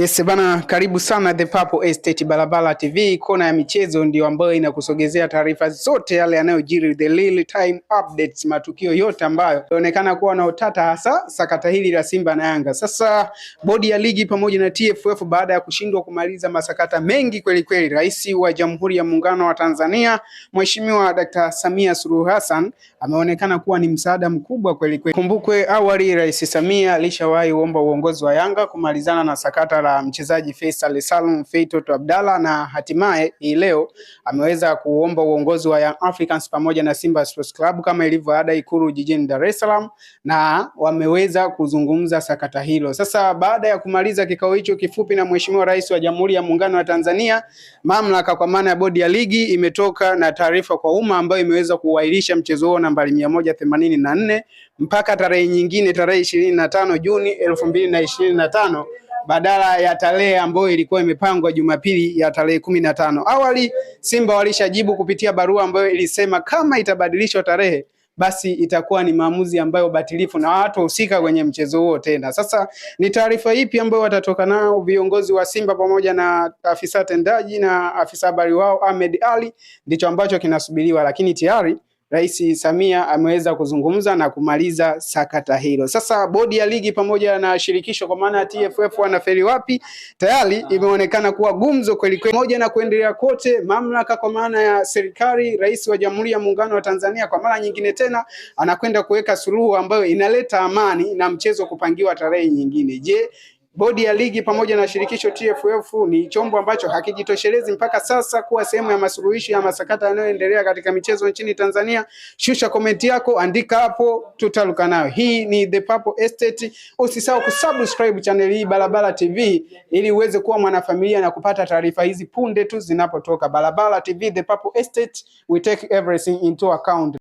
Yes bana, karibu sana The Papo Estate Balabala TV, kona ya michezo ndio ambayo inakusogezea taarifa zote yale yanayojiri, the real time updates, matukio yote ambayo inaonekana kuwa na utata, hasa sakata hili la Simba na Yanga. Sasa bodi ya ligi pamoja na TFF baada ya kushindwa kumaliza masakata mengi kweli kweli, Rais wa Jamhuri ya Muungano wa Tanzania Mheshimiwa Dr. Samia Suluhu Hassan ameonekana kuwa ni msaada mkubwa kweli kweli. Kumbukwe awali Rais Samia alishawahi uomba uongozi wa Yanga kumalizana na sakata la la mchezaji Faisal Salum Feitoto Abdalla na hatimaye hii leo ameweza kuomba uongozi wa Young Africans pamoja na Simba Sports Club kama ilivyo ada Ikulu jijini Dar es Salaam, na wameweza kuzungumza sakata hilo. Sasa baada ya kumaliza kikao hicho kifupi na Mheshimiwa Rais wa Jamhuri ya Muungano wa Tanzania, mamlaka kwa maana ya bodi ya ligi imetoka na taarifa kwa umma ambayo imeweza kuahirisha mchezo huo nambari mia themanini na nne mpaka tarehe nyingine, tarehe ishirini na tano Juni elfu mbili na ishirini na tano badala ya tarehe ambayo ilikuwa imepangwa Jumapili ya tarehe kumi na tano. Awali Simba walishajibu kupitia barua ambayo ilisema kama itabadilishwa tarehe basi itakuwa ni maamuzi ambayo batilifu na watu wahusika kwenye mchezo huo tena. Sasa ni taarifa ipi ambayo watatoka nao viongozi wa Simba pamoja na afisa tendaji na afisa habari wao Ahmed Ally, ndicho ambacho kinasubiriwa, lakini tayari Rais Samia ameweza kuzungumza na kumaliza sakata hilo. Sasa bodi ya ligi pamoja na shirikisho kwa maana ya TFF wanafeli wapi, tayari imeonekana kuwa gumzo kweli kweli. Moja na kuendelea kote, mamlaka kwa maana ya serikali, rais wa Jamhuri ya Muungano wa Tanzania kwa mara nyingine tena anakwenda kuweka suluhu ambayo inaleta amani na mchezo kupangiwa tarehe nyingine. Je, Bodi ya ligi pamoja na shirikisho TFF ni chombo ambacho hakijitoshelezi mpaka sasa kuwa sehemu ya masuluhisho ya masakata yanayoendelea katika michezo nchini Tanzania. Shusha komenti yako, andika hapo, tutaluka nayo. Hii ni The Purple Estate. Usisahau kusubscribe channel hii Balabala TV ili uweze kuwa mwanafamilia na kupata taarifa hizi punde tu zinapotoka. Balabala TV, The Purple Estate, we take everything into account.